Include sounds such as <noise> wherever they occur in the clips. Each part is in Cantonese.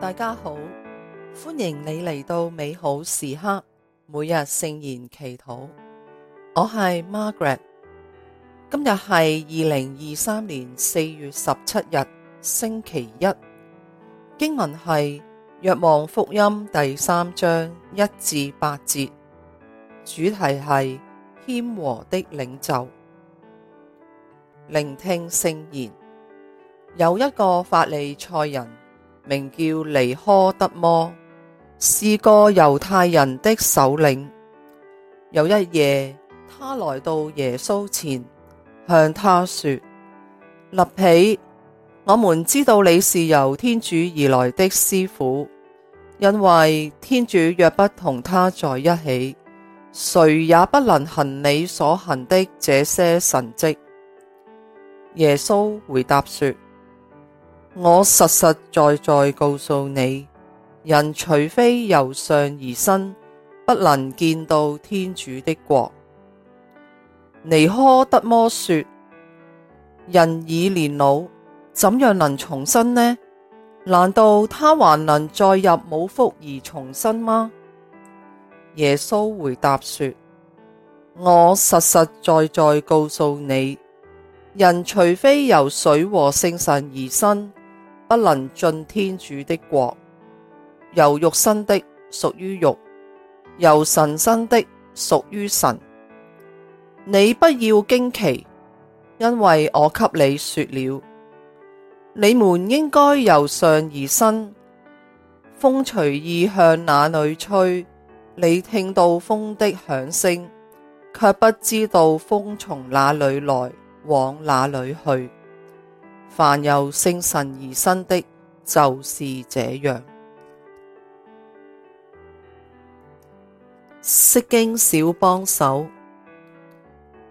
大家好，歡迎你嚟到美好時刻，每日聖言祈禱。我係 Margaret，今日係二零二三年四月十七日，星期一。經文係《若望福音》第三章一至八節，主題係謙和的領袖。聆聽聖言，有一個法利賽人。名叫尼苛德摩，是個猶太人的首領。有一夜，他來到耶穌前，向他說：辣彼，我們知道你是由天主而來的師傅，因為天主若不同他在一起，誰也不能行你所行的這些神跡。耶穌回答說。我實實在在告訴你，人除非由上而生，不能見到天主的國。尼苛德摩說：人已年老，怎樣能重生呢？難道他還能再入母腹而重生嗎？耶穌回答說：我實實在在告訴你，人除非由水和聖神而生。不能進天主的國。由肉生的屬於肉，由神生的屬於神。你不要驚奇，因為我給你說了。你們應該由上而生。風隨意向哪裏吹，你聽到風的響聲，卻不知道風從哪裏來，往哪裏去。凡由聖神而生的，就是這樣。釋經小幫手，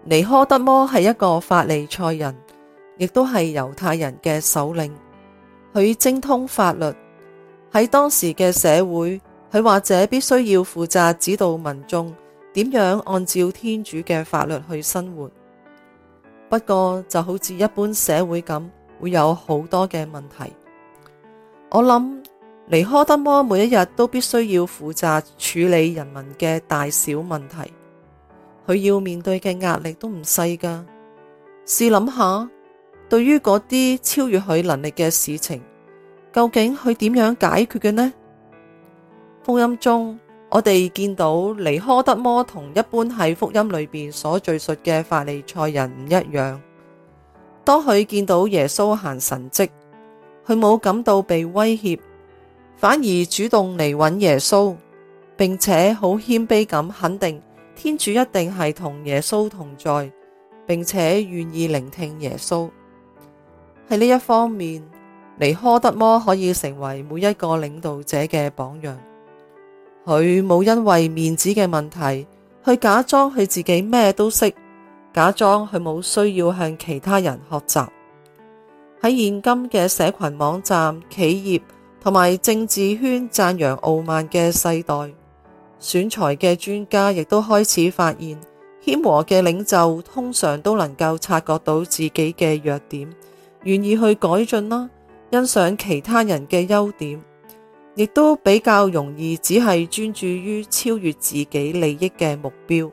尼苛德摩係一個法利賽人，亦都係猶太人嘅首領。佢精通法律，喺當時嘅社會，佢或者必須要負責指導民眾點樣按照天主嘅法律去生活。不過就好似一般社會咁。會有好多嘅問題，我諗尼苛德摩每一日都必須要負責處理人民嘅大小問題，佢要面對嘅壓力都唔細㗎。試諗下，對於嗰啲超越佢能力嘅事情，究竟佢點樣解決嘅呢？福音中我哋見到尼苛德摩同一般喺福音裏邊所敘述嘅法利賽人唔一樣。當佢見到耶穌行神跡，佢冇感到被威脅，反而主動嚟揾耶穌，並且好謙卑咁肯定天主一定係同耶穌同在，並且願意聆聽耶穌。喺呢一方面，尼苛德摩可以成為每一個領導者嘅榜樣。佢冇因為面子嘅問題，去假裝佢自己咩都識。假裝佢冇需要向其他人學習，喺現今嘅社群網站、企業同埋政治圈讚揚傲慢嘅世代，選才嘅專家，亦都開始發現謙和嘅領袖通常都能夠察覺到自己嘅弱點，願意去改進啦，欣賞其他人嘅優點，亦都比較容易只係專注於超越自己利益嘅目標，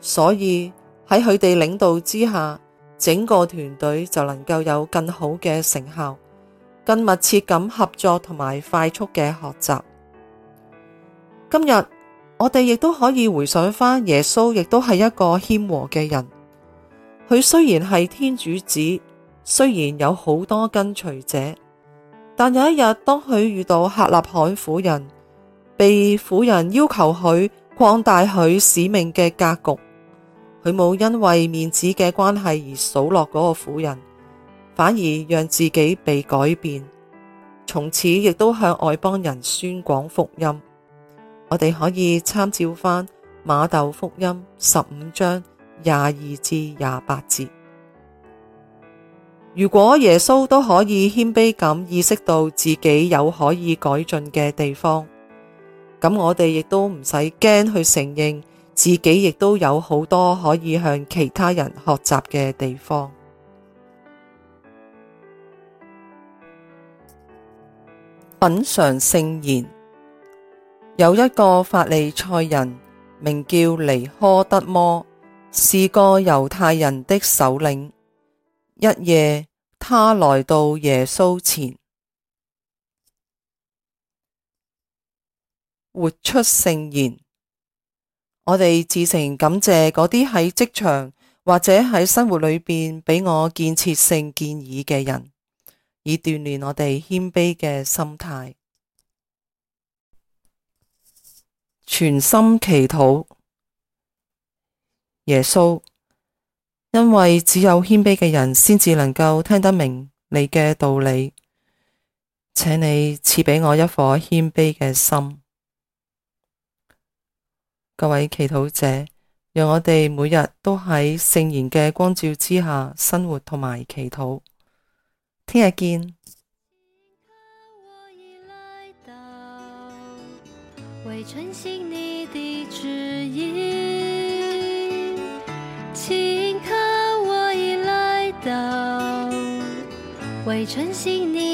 所以。喺佢哋領導之下，整個團隊就能夠有更好嘅成效，更密切噉合作同埋快速嘅學習。今日我哋亦都可以回想返，耶穌亦都係一個謙和嘅人。佢雖然係天主子，雖然有好多跟隨者，但有一日當佢遇到客納罕婦人，被婦人要求佢擴大佢使命嘅格局。佢冇因為面子嘅關係而數落嗰個婦人，反而讓自己被改變，從此亦都向外邦人宣講福音。我哋可以參照返馬竇福音十五章廿二至廿八節。如果耶穌都可以謙卑咁意識到自己有可以改進嘅地方，咁我哋亦都唔使驚去承認。自己亦都有好多可以向其他人學習嘅地方。品嚐聖言，有一個法利塞人，名叫尼苛德摩，是個猶太人的首領。一夜，他來到耶穌前，活出聖言。我哋自誠感謝嗰啲喺職場或者喺生活裏邊俾我建設性建議嘅人，以鍛煉我哋謙卑嘅心態。全心祈禱，耶穌，因為只有謙卑嘅人先至能夠聽得明你嘅道理。請你賜俾我一顆謙卑嘅心。各位祈禱者，讓我哋每日都喺聖言嘅光照之下生活同埋祈禱。聽日見。 <music>